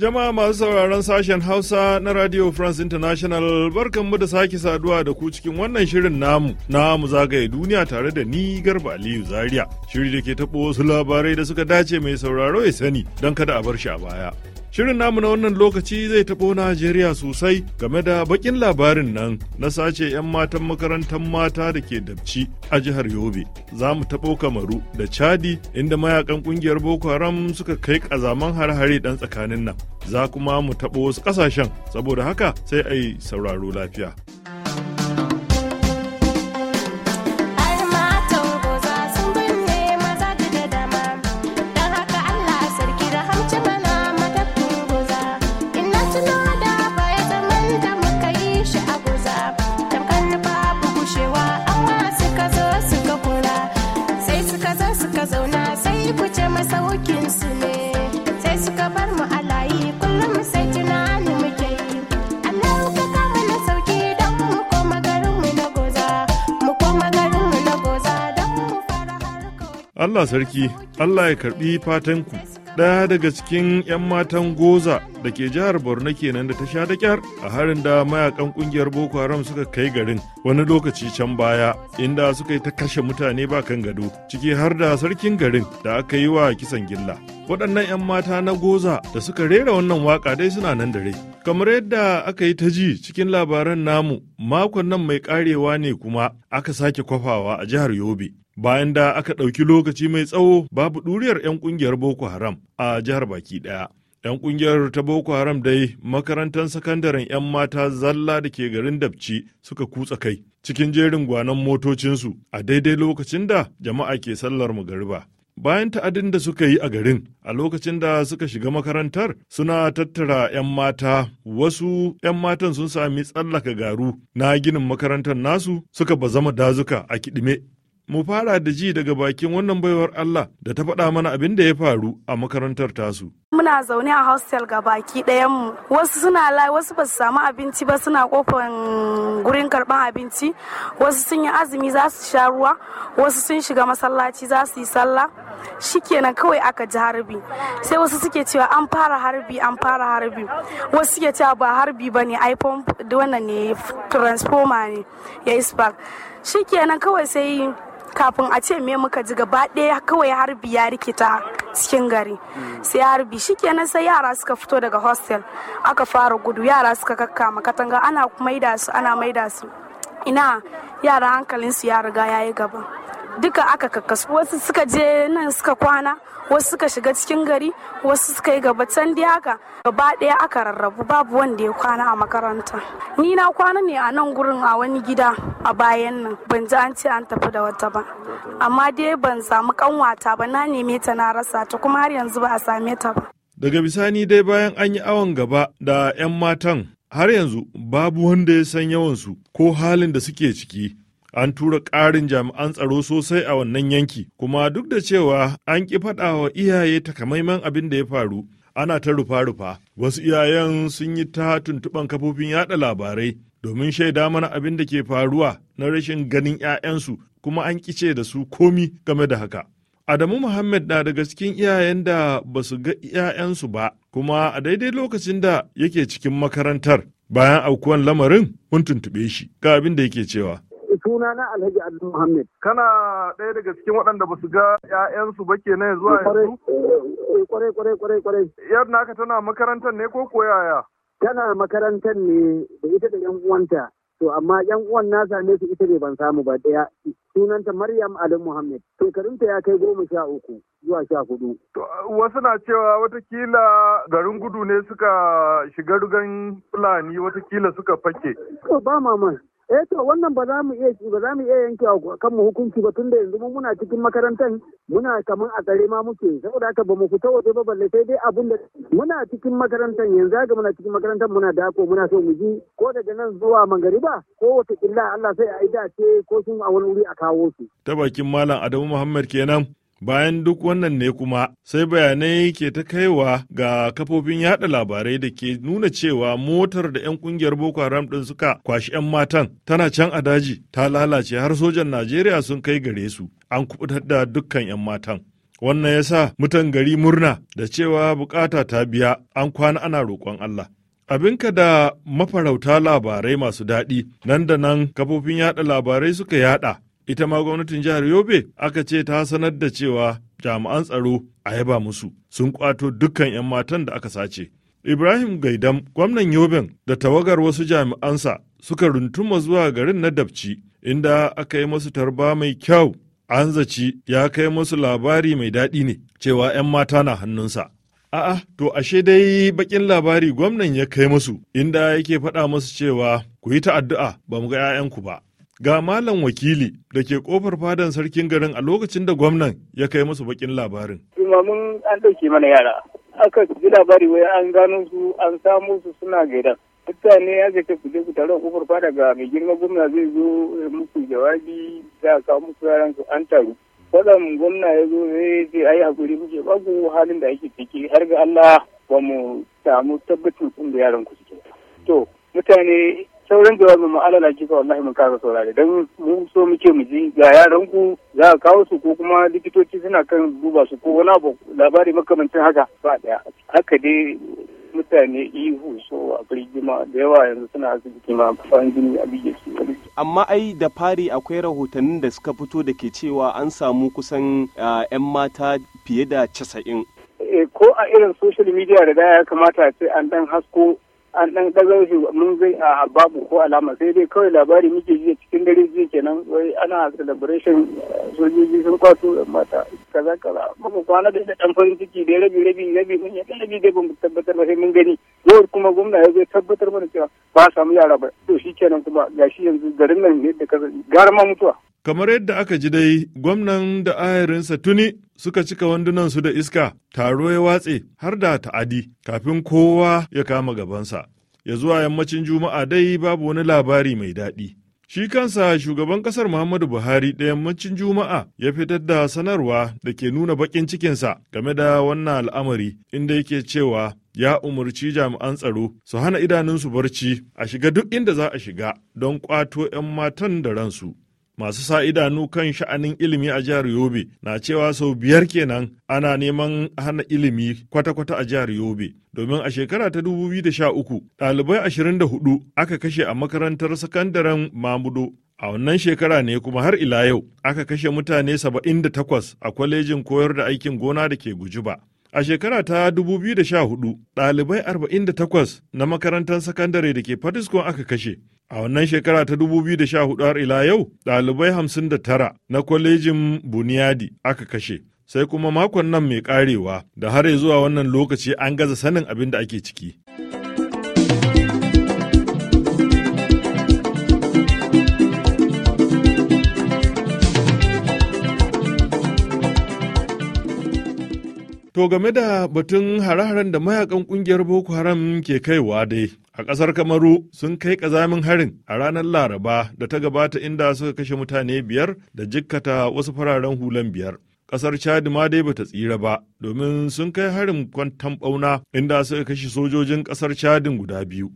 Jama'a masu sauraron sashen Hausa na Radio France International barkanmu da sake saduwa da ku cikin wannan shirin namu na mu zagaye duniya tare da ni Garba Aliyu Zaria. Shiri da ke taɓo wasu labarai da suka dace mai sauraro ya sani don kada a bar shi a baya. Shirin namu na wannan lokaci zai taɓo Najeriya sosai game da baƙin labarin nan na sace 'yan matan makarantar mata da ke dabci a jihar Yobe. Za mu taɓo Kamaru da Chadi inda mayakan ƙungiyar Boko Haram suka kai ƙazaman har-hare ɗan tsakanin nan. Za kuma mu taɓo wasu ƙasashen saboda haka sai a yi sauraro lafiya. Allah sarki, Allah ya karbi fatanku. Ɗaya daga cikin 'yan matan Goza da ke jihar Borno kenan da ta sha da kyar a harin da mayakan ƙungiyar Boko Haram suka kai garin wani lokaci can baya inda suka yi ta kashe mutane ba kan gado ciki har da sarkin garin da aka yi wa kisan gilla. Waɗannan 'yan mata na Goza da suka rera wannan waka dai suna nan da rai. Kamar yadda aka yi ta ji cikin labaran namu makon nan mai ƙarewa ne kuma aka sake kwafawa a jihar Yobe. bayan da aka ɗauki lokaci mai tsawo babu ɗuriyar 'yan ƙungiyar Boko Haram a jihar baki ɗaya. 'Yan ƙungiyar ta Boko Haram dai makarantar sakandaren 'yan mata zalla da ke garin Dabci suka kutsa kai cikin jerin gwanon motocinsu a daidai lokacin da jama'a ke sallar magariba. Bayan ta'adin da suka yi a garin a lokacin da suka shiga makarantar suna tattara 'yan mata wasu 'yan matan sun sami tsallaka garu na ginin makarantar nasu suka bazama dazuka a kiɗime. mu fara da ji daga bakin wannan baiwar Allah da ta faɗa mana abin da ya faru a makarantar tasu. Muna zaune a hostel ga baki mu wasu suna lai wasu ba su samu abinci ba suna kofan gurin karɓan abinci wasu sun yi azumi za su sha ruwa wasu sun shiga masallaci za su yi sallah kenan kawai aka ji harbi sai wasu suke cewa an fara harbi an fara harbi wasu suke cewa ba harbi ba ne iphone wannan ne transformer ne ya yi spark kenan kawai sai kafin a ce me muka ji gaba ɗaya kawai harbi ya rikita cikin gari sai harbi shikenan sai yara suka fito daga hostel aka fara gudu yara suka kakkama katanga ana maida su ana maida su ina yara hankalinsu ya riga yayi gaba duka aka kakkasu wasu suka je nan suka kwana wasu suka shiga cikin gari wasu suka yi gabatan can dai haka gaba ɗaya aka rarrabu babu wanda ya kwana a makaranta ni na kwana ne a nan gurin a wani gida a bayan nan ban ji an ce an tafi da wata ba amma dai ban samu kanwata ba na neme ta na rasa ta kuma har yanzu ba a same ta ba daga bisani dai bayan an yi awon gaba da 'yan matan har yanzu babu wanda ya san yawansu ko halin da suke ciki an tura ƙarin jami'an tsaro sosai a wannan yanki kuma duk da cewa an ƙi faɗa wa iyaye takamaiman abin da ya faru ana ta rufa-rufa wasu iyayen sun yi ta tuntuɓan kafofin yada labarai domin shaida mana abin da ke faruwa na rashin ganin 'ya'yansu kuma an kice da su komi game da haka Adamu Muhammad na daga cikin iyayen da ba su ga 'ya'yansu ba, kuma a daidai lokacin da yake cikin makarantar bayan aukuwan lamarin mun tuntuɓe shi ga abin da yake cewa. suna na alhaji Ali muhammad kana ɗaya daga cikin waɗanda ba su ga 'ya'yansu ba ke nan zuwa yanzu eh, kwarai kwarai kwarai kwarai yar naka tana makarantar ne ko koyaya? yaya tana makarantar ne da ita da yan uwanta to amma yan uwan na same su ita ne ban samu ba ɗaya sunanta maryam ali muhammad shekarunta ya kai goma sha uku zuwa sha hudu wasu na cewa watakila garin gudu ne suka shiga rugan fulani watakila suka fake ba mama eh to wannan ba za mu iya ba za mu iya yanke kan mu hukunci ba tunda yanzu mun muna cikin makarantar muna kaman a tsare ma muke saboda haka ba mu fita waje ba balle sai dai abun da muna cikin makarantar yanzu haka muna cikin makarantar muna dako muna so mu ji ko daga nan zuwa mangariba ko wata illa Allah sai a yi dace ko sun a wani wuri a kawo su ta bakin malam Adamu Muhammad kenan Bayan duk wannan ne kuma sai bayanai ke ta kaiwa ga kafofin yada labarai da ke nuna cewa motar da 'yan kungiyar Boko Haram ɗin suka kwashi 'yan matan tana can a daji ta lalace har sojan Najeriya sun kai gare su an kubutar da dukkan 'yan matan. Wannan ya sa mutan gari murna da cewa bukata ta biya an kwana ana roƙon Allah. Abin ka da mafarauta labarai masu daɗi nan da nan kafofin yada labarai suka yada Ita ma gwamnatin jihar Yobe aka ce ta sanar da cewa jami'an tsaro a yaba musu sun kwato dukkan 'yan matan da aka sace. Ibrahim Gaidam, gwamnan Yoben da tawagar wasu jami'ansa suka runtuma zuwa garin na Dabci, inda aka yi masu tarba mai kyau. An zaci ya kai masu labari mai daɗi ne cewa 'yan mata na hannunsa. A'a, to ashe dai bakin labari gwamnan ya kai masu, inda yake faɗa masu cewa ku yi ta'addu'a ba mu ga 'ya'yanku ba. Ga malam wakili da ke kofar fadan sarkin garin a lokacin da gwamnan ya kai musu bakin labarin. Tumamin an ɗauke mana yara. Aka ji labari wai an gano su an samu su suna gaidan. mutane ya zai ku je ku kofar fada ga mai girma gwamna zai zo muku jawabi za a kawo muku yaran su an taru kwatsam gwamna ya zo zai ce ayi hakuri muke ba halin da ake ciki har ga Allah ba mu samu tabbacin sun da yaran ku suke to mutane sauran jawabin mu alala kifa wallahi mun kasa saurare dan mu so muke mu ji ga yaran ku za a kawo su ko kuma likitoci suna kan duba su ko wani abu labari makamancin haka ba daya haka dai mutane ihu so a birgima da yawa yanzu suna asibiti ma farin jini a bige su amma ai da fari akwai rahotannin da suka fito da ke cewa an samu kusan 'yan mata fiye da casa'in eh, ko a irin social media da ya kamata ce an dan hasko an ɗan ɗaga shi mun zai a ah, babu ko alama sai dai kawai labari muke ji cikin dare jiya kenan wai ana celebration eh, sojoji sun kwato mata kaza kaza muka kwana da ɗan farin ciki da rabi rabi rabi mun yi rabi dai ba mu tabbatar ba sai mun gani yau kuma gwamna ya zai tabbatar mana cewa ba a samu yara ba to shi kenan kuma gashi yanzu garin nan ne da kaza gara ma mutuwa. kamar yadda aka ji dai gwamnan da ayarinsa tuni suka cika wandunansu da iska, taro ya watse har da ta'adi kafin kowa ya kama gabansa. Ya zuwa yammacin Juma'a dai babu wani labari mai daɗi. Shi kansa shugaban ƙasar Muhammadu Buhari da yammacin Juma'a ya fitar da sanarwa da ke nuna baƙin cikinsa game da wannan al'amari inda yake cewa ya umarci jami'an tsaro su hana idanunsu barci a shiga duk inda za a shiga don ƙwato 'yan matan da ransu. masu sa idanu kan sha'anin ilimi a jihar Yobe na cewa sau biyar kenan ana neman hana ilimi kwata-kwata a jihar Yobe. Domin a shekara ta 2013 ɗalibai 24 aka kashe a makarantar sakandaren Mamudo. A wannan shekara ne kuma har ila yau aka kashe mutane 78 a kwalejin koyar da aikin gona da ke Gujuba. A shekara ta 2014, ɗalibai 48 na makarantar sakandare da ke Fatiskon aka kashe. A wannan shekara ta 2014 har ila yau, ɗalibai 59 na kwalejin Buniyadi aka kashe. Sai kuma makon nan mai ƙarewa da har zuwa wannan lokaci an gaza sanin abin da ake ciki. To game da batun hare-haren da mayakan kungiyar Boko Haram ke kaiwa dai, a ƙasar Kamaru sun kai ƙazamin harin a ranar Laraba da ta gabata inda suka kashe mutane biyar da jikkata wasu fararen hulan biyar. Ƙasar Chad ma dai bata tsira ba, domin sun kai harin kwantan ɓauna inda suka kashe sojojin ƙasar Chadin guda biyu.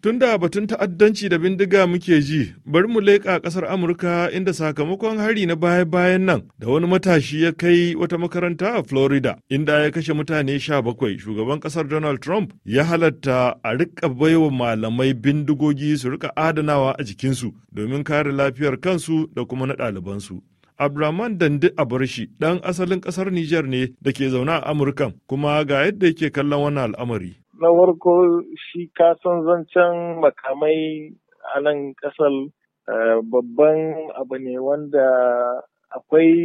"Tun da batun ta'addanci da bindiga muke ji, bari mu leƙa ƙasar Amurka inda sakamakon hari na baya-bayan nan da wani matashi ya kai wata makaranta a Florida, inda ya kashe mutane sha bakwai. Shugaban ƙasar Donald Trump ya halatta a riƙa baiwa malamai bindigogi su riƙa adanawa a jikinsu domin kare lafiyar kansu da kuma na ɗalibansu. Abdulrahman Dandi Abarshi ɗan asalin ƙasar Niger ne da ke zaune a Amurkan kuma ga yadda yake kallon wannan al'amari. na farko shi kasan zancen makamai a nan kasar eh, babban abu ne wanda akwai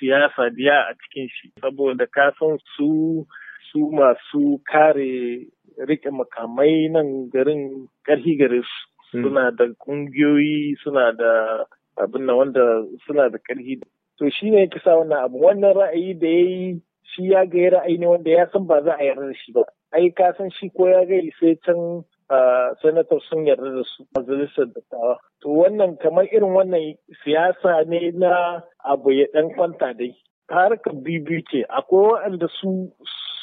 siyasa biya a cikin shi saboda kasan su su masu kare rike makamai nan garin karhi gare su hmm. suna da kungiyoyi suna da abin na wanda suna da karhi to shi ne kisa wannan abu wannan ra'ayi da ya yi shi ya ga ra'ayi ne wanda ya san ba za a yarda da shi ba ai ka san shi ko ya gai sai can sanatar sun yarda da su majalisar dattawa. To wannan kamar irin wannan siyasa ne na abu ya ɗan kwanta dai. Harkar bibi ce akwai waɗanda su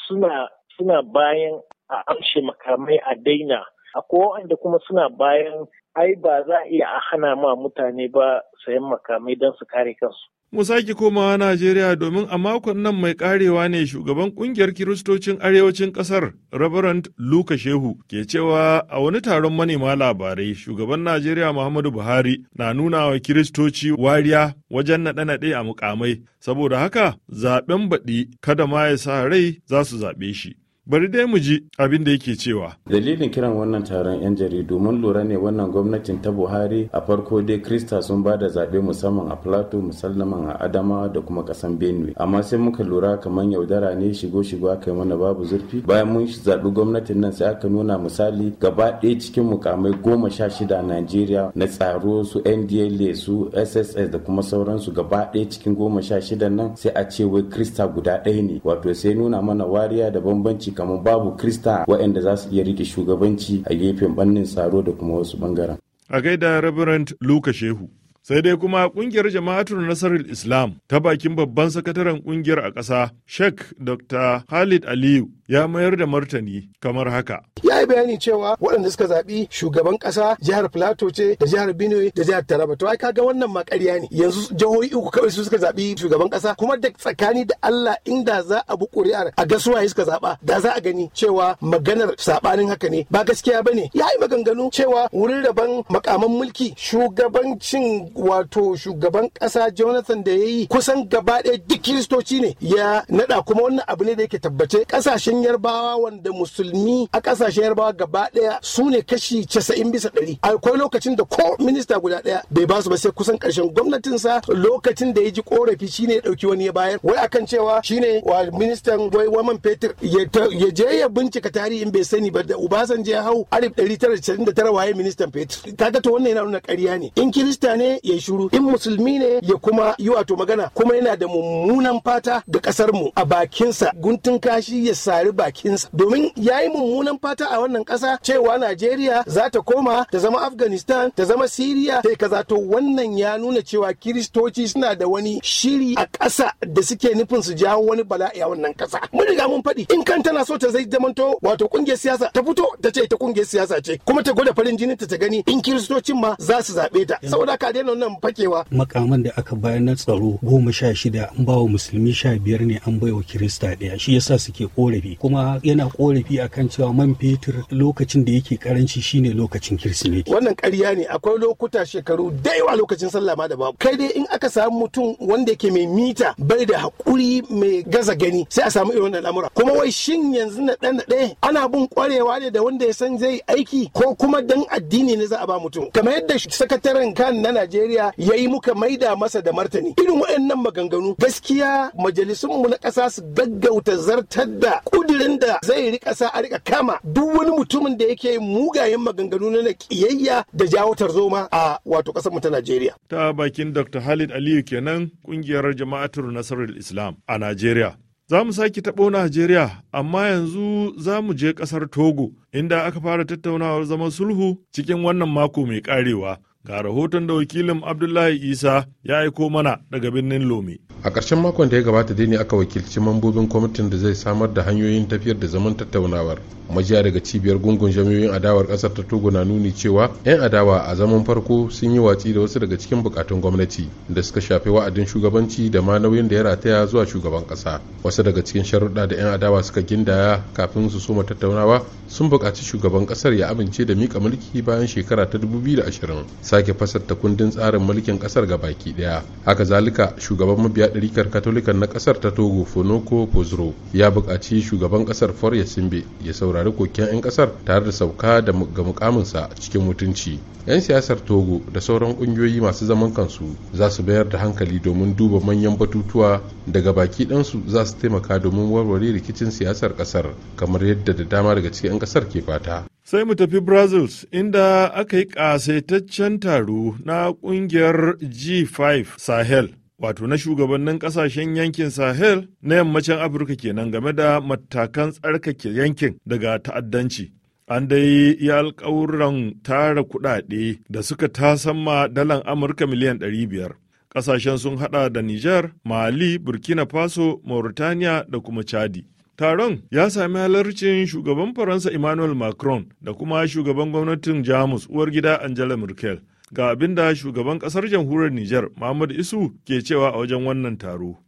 suna suna bayan a amshe makamai a daina akwai waɗanda kuma suna bayan ai ba za a iya hana ma mutane ba sayan makamai don su kare kansu. Mu sake komawa Najeriya domin a makon nan mai karewa ne shugaban kungiyar kiristocin arewacin kasar Reverend Luka Shehu ke cewa a wani taron manema labarai shugaban Najeriya Muhammadu Buhari na nuna wa kiristoci wariya wajen naɗe-naɗe a mukamai saboda haka zaɓen baɗi kada ma ya sa rai za su zaɓe shi. Bari dai mu ji abin da yake cewa. Dalilin kiran wannan taron 'yan jaridu mun lura ne wannan gwamnatin ta Buhari a farko dai Krista sun ba da zaɓe musamman a Plateau Musallaman, a Adama da kuma Kasan Benue. Amma sai muka lura kamar yaudara ne shigo shigo aka yi mana babu zurfi. Bayan mun zaɓi gwamnatin nan sai aka nuna misali gaba ɗaya cikin mukamai goma sha shida a Najeriya na tsaro su NDLA su SSS da kuma sauransu gaba ɗaya cikin goma sha shida nan sai a ce wai Krista guda ɗaya ne. Wato sai nuna mana wariya da bambanci kamar babu krista waɗanda za su iya rike shugabanci a gefen bannin tsaro da kuma wasu bangaren. A gaida Reverend Luka Shehu. sai dai kuma kungiyar jama'atul nasarar islam ta bakin babban sakataren kungiyar a ƙasa sheikh dr khalid aliyu ya mayar da martani kamar haka ya yi bayani cewa waɗanda suka zaɓi shugaban ƙasa jihar plateau ce da jihar benue da jihar taraba to ai ga wannan ma ƙarya ne yanzu jihohi uku kawai su suka zaɓi shugaban ƙasa kuma da tsakani da allah inda za a bi ƙuri'ar a ga suwaye suka zaɓa da za a gani cewa maganar saɓanin haka ne ba gaskiya ba ne ya yi maganganu cewa wurin rabon makaman mulki shugabancin wato shugaban kasa jonathan da ya yi kusan gaba ɗaya duk kiristoci ne ya naɗa kuma wannan abu ne da yake tabbace kasashen yarbawa wanda musulmi a kasashen yarbawa gaba ɗaya su ne kashi casa'in bisa ɗari akwai lokacin da ko minista guda ɗaya bai ba su ba sai kusan ƙarshen sa lokacin da ya ji korafi shine ya ɗauki wani ya bayar wai akan cewa shine wa ministan wai waman fetur ya je ya bincika tarihin bai sani ba da ubasan je hau arif ɗari tara da tara waye ministan fetur kaga to wannan yana nuna ƙarya ne in kirista ne ya shuru in musulmi ne ya kuma yi wato magana kuma yana da mummunan fata da kasar mu a bakinsa guntun kashi ya sari bakinsa domin ya yi mummunan fata a wannan kasa cewa Najeriya za ta koma ta zama Afghanistan ta zama Siriya sai kaza to wannan ya nuna cewa kiristoci suna da wani shiri a ƙasa da suke nufin su jawo wani bala'i a wannan kasa mun riga mun faɗi in kan tana so ta zai zamanto wato kungiyar siyasa ta fito ta ce ta kungiyar siyasa ce kuma ta gwada farin jinin ta ta gani in kiristocin ma za su zaɓe ta saboda ka daina nan fakewa makaman da aka bayar na tsaro goma sha shida an ba wa musulmi sha biyar ne an baiwa kirista ɗaya shi yasa suke korafi kuma yana korafi akan cewa man fetur lokacin da yake karanci shine lokacin kirsimeti wannan ƙarya ne akwai lokuta shekaru da yawa lokacin sallah ma da babu kai dai in aka samu mutum wanda yake mai mita bai da haƙuri mai gaza gani sai a samu irin wannan al'amura kuma wai shin yanzu na ɗan ɗaya ana bin ƙwarewa ne da wanda ya san zai aiki ko kuma dan addini ne za a ba mutum kamar yadda sakataren kan na Najeriya Najeriya ya yi muka maida masa da martani. Irin waɗannan maganganu gaskiya majalisunmu na ƙasa su gaggauta zartar da ƙudirin da zai riƙa sa a riƙa kama duk wani mutumin da yake mugayen maganganu na ƙiyayya da jawo tarzoma a wato ƙasarmu ta Najeriya. Ta bakin Dr. halid Aliyu kenan ƙungiyar jama'atul Nasarar Islam a Najeriya. Za mu sake taɓo Najeriya, amma yanzu za mu je ƙasar Togo, inda aka fara tattaunawar zaman sulhu cikin wannan mako mai ƙarewa. Ga rahoton da wakilin Abdullahi Isa ya aiko mana daga birnin lomi. A ƙarshen makon da ya gabata dai ne aka wakilci mambobin kwamitin da zai samar da hanyoyin tafiyar da zaman tattaunawar. Majiya daga cibiyar gungun jami'oyin adawar ƙasar ta Togo na nuni cewa 'yan adawa a zaman farko sun yi watsi da wasu daga cikin bukatun gwamnati da suka shafi wa'adin shugabanci da ma nauyin da ya rataya zuwa shugaban ƙasa. Wasu daga cikin sharuɗa da 'yan adawa suka gindaya kafin su soma tattaunawa sun buƙaci shugaban ƙasar ya amince da mika mulki bayan shekara ta dubu biyu da ashirin. sake ta kundin tsarin mulkin kasar ga baki daya haka zalika shugaban mabiya ɗarikar katolikan na kasar ta togo fonoko pozro ya bukaci shugaban kasar ya simbe ya saurari koken 'yan kasar tare da sauka da ga mukaminsa cikin mutunci 'yan siyasar togo da sauran ƙungiyoyi masu zaman kansu za su bayar da hankali domin duba manyan batutuwa daga baki ɗansu za su taimaka domin warware rikicin siyasar kasar kamar yadda da dama daga cikin 'yan kasar ke fata Sai mu tafi Brazil inda aka yi ƙasaitaccen taro na ƙungiyar G5 Sahel. Wato na shugabannin ƙasashen yankin Sahel na yammacin Afirka kenan game da matakan tsarkake yankin daga ta'addanci. An dai yi alƙawuran tara kuɗaɗe da suka tasamma dalan Amurka miliyan 500. Ƙasashen sun haɗa da Nijar, Mali, Burkina Faso, Mauritania da kuma Chadi. Taron ya sami halarcin shugaban Faransa Emmanuel Macron da kuma shugaban gwamnatin Jamus uwar gida Angela Merkel. Ga abin da shugaban kasar jamhuriyar Nijar Muhammad Isu ke cewa a wajen wannan taro.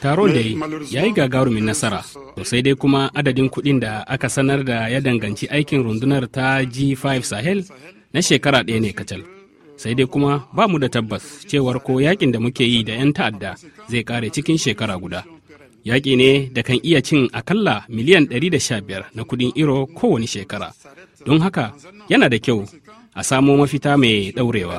Taron da ya yi gagarumin euh, nasara, to sai dai kuma adadin kuɗin da aka sanar da ya danganci aikin rundunar ta G5 Sahel na shekara ɗaya ne kacal. sai dai kuma ba mu da tabbas cewar ko yakin da muke yi da 'yan ta'adda zai kare cikin shekara guda yaƙi ne da kan iya cin akalla miliyan 115 na kudin iro kowane shekara don haka yana da kyau a samo mafita mai ɗaurewa.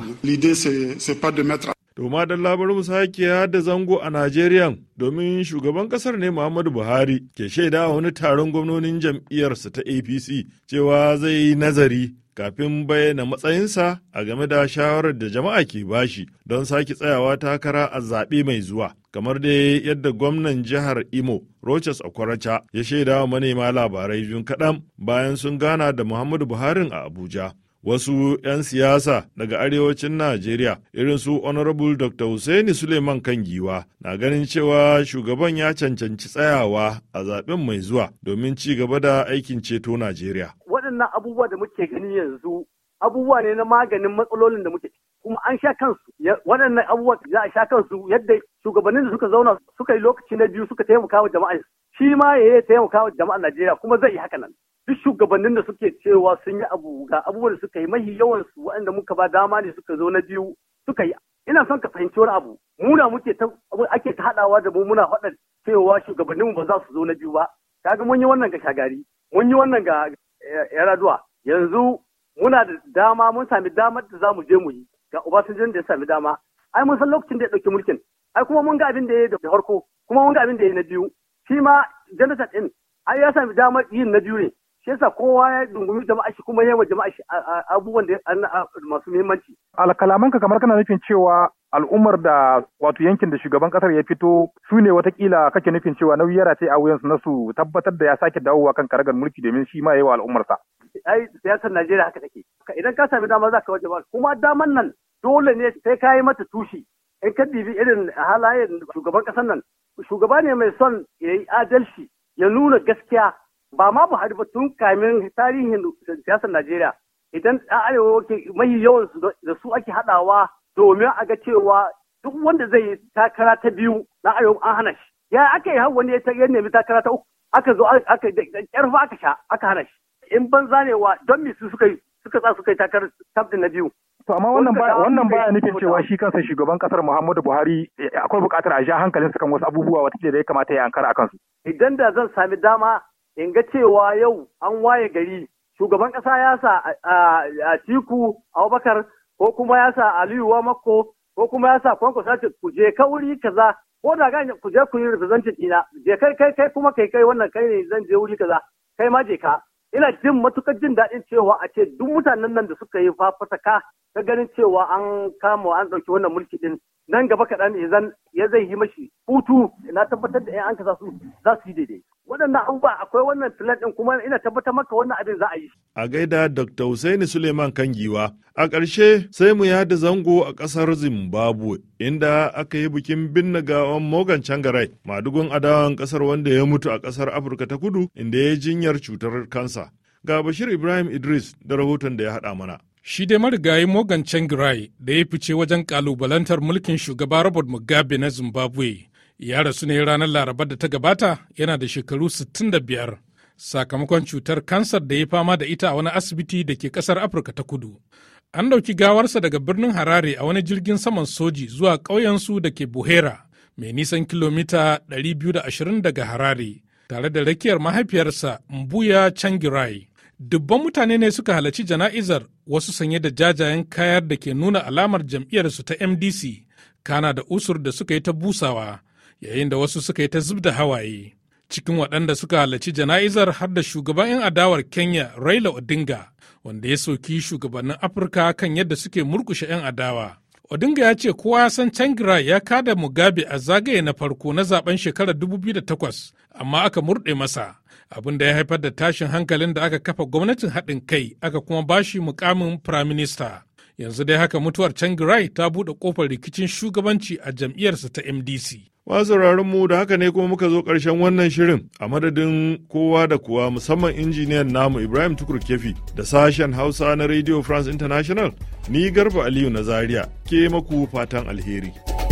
To ma don labarin sake da zango a Najeriya domin shugaban kasar ne Muhammadu Buhari ke shaida a wani taron gwamnonin jam'iyyarsa ta APC cewa zai yi nazari kafin bayyana matsayinsa a game da shawarar da jama'a ke bashi don sake tsayawa takara a zaɓe mai zuwa kamar dai yadda gwamnan jihar imo Roches Okoracha ya shaida wa manema labarai jun kaɗan bayan sun gana da muhammadu buharin a abuja wasu 'yan siyasa daga arewacin Najeriya irin su Honorable Dr. Hussaini Suleiman Kangiwa na ganin cewa shugaban ya cancanci tsayawa a zaben mai zuwa domin ci gaba da aikin ceto Najeriya. Waɗannan abubuwa da muke gani yanzu abubuwa ne na maganin matsalolin da muke kuma an sha kansu waɗannan abubuwa za a sha kansu yadda shugabannin da suka zauna suka yi lokaci na biyu suka taimaka wa jama'a shi ma ya taimaka wa jama'a Najeriya kuma zai yi haka nan. duk shugabannin da suke cewa sun yi abu ga abubuwan da suka yi mahi yawan su waɗanda muka ba dama ne suka zo na biyu suka yi ina son ka fahimci wani abu muna muke ta ake ta haɗawa da mu muna faɗa cewa shugabanninmu ba za su zo na biyu ba kaga mun yi wannan ga shagari mun yi wannan ga eh, yaraduwa yanzu muna da dama mun sami damar da za mu je mu yi ga obasanjo da ya sami dama ai mun san lokacin da ya ɗauki mulkin ai kuma mun ga abin da ya yi da farko kuma mun ga abin da ya yi na biyu shi ma janata din ai ya sami damar yin na biyu ne shi yasa kowa ya dungumi jama'a shi kuma yawa jama'a shi abubuwan da masu muhimmanci alkalamanka kamar kana nufin cewa al'ummar da wato yankin da shugaban kasar ya fito su ne watakila kake nufin cewa nauyi yara ce a wuyansu na su tabbatar da ya sake dawowa kan karagar mulki domin shi ma yawa al'ummarsa. ai siyasar najeriya haka take idan ka sami dama za ka waje kuma daman nan dole ne sai ka yi mata tushi in ka dibi irin halayen shugaban kasar nan shugaba ne mai son ya yi adalci ya nuna gaskiya ba ma Buhari ba tun kamin tarihin siyasar Najeriya idan ɗan arewa ke mahi yawan da su ake haɗawa domin a ga cewa duk wanda zai yi takara ta biyu na arewa an hana shi ya aka yi wani ya nemi takara ta uku aka zo aka da fa aka sha aka hana shi in ban zanewa wa don me su suka yi suka sa suka yi takarar tabdin na biyu To amma wannan baya wannan baya nufin cewa shi kansa shugaban kasar Muhammadu Buhari eh, akwai buƙatar a ja hankalin su kan wasu abubuwa wata da ya kamata ya ankara akan su. Idan da zan sami dama in ga cewa yau an waye gari shugaban kasa ya sa a tiku abubakar ko kuma ya sa aliyu mako ko kuma ya sa kwanko sace ku je kauri kaza ko da ga ku je ku yi representing ina je kai kai kai kuma kai kai wannan kai ne zan je wuri kaza kai ma je ka ina jin matukar jin daɗin cewa a ce duk mutanen nan da suka yi ka ta ganin cewa an kama an ɗauki wannan mulki din nan gaba kaɗan ya zai yi mashi hutu na tabbatar da 'yan an kasa su za su yi daidai. waɗannan abubuwa akwai wannan filan ɗin kuma ina tabbatar maka wannan abin za a yi. A gaida Dr. Hussaini Suleiman Kangiwa. A ƙarshe sai mu yada zango a ƙasar Zimbabwe inda aka yi bikin binne gawan Morgan Changarai, madugun adawan ƙasar wanda ya mutu a ƙasar Afirka ta Kudu inda ya jinyar cutar kansa. Ga Bashir Ibrahim Idris da rahoton da ya haɗa mana. Shi dai marigayi Morgan Changirai da ya fice wajen kalubalantar mulkin shugaba Robert Mugabe na Zimbabwe. ya rasu ne ranar laraba da ta gabata yana da shekaru 65 sakamakon cutar kansar da ya fama da ita a wani asibiti da ke kasar afirka ta kudu an ɗauki gawarsa daga birnin harare a wani jirgin saman soji zuwa ƙauyensu da ke buhera mai nisan kilomita 220 daga harare tare da rakiyar mahaifiyarsa mbuya changirai dubban mutane ne suka halarci jana'izar wasu sanye da jajayen kayar da ke nuna alamar jam'iyyarsu ta mdc kana da usur da suka yi ta busawa yayin da wasu suka yi ta zub da hawaye cikin waɗanda suka halarci jana'izar har da shugaban 'yan adawar kenya raila odinga wanda ya soki shugabannin afirka kan yadda suke murkushe 'yan adawa odinga ya ce kowa ya san changira ya kada mugabe a zagaye na farko na zaben shekarar 2008 amma aka murɗe masa abin da ya haifar da tashin hankalin da aka kafa gwamnatin haɗin kai aka kuma bashi mukamin firaminista yanzu dai haka mutuwar Changirai ta buɗe ƙofar rikicin shugabanci a jam'iyyarsa ta MDC. sauraron mu da haka ne kuma muka zo ƙarshen wannan shirin a madadin kowa da kuwa musamman injiniyan namu Ibrahim Tukur Kefi da sashen Hausa na Radio France International ni Garba Aliyu na Zaria ke maku fatan alheri.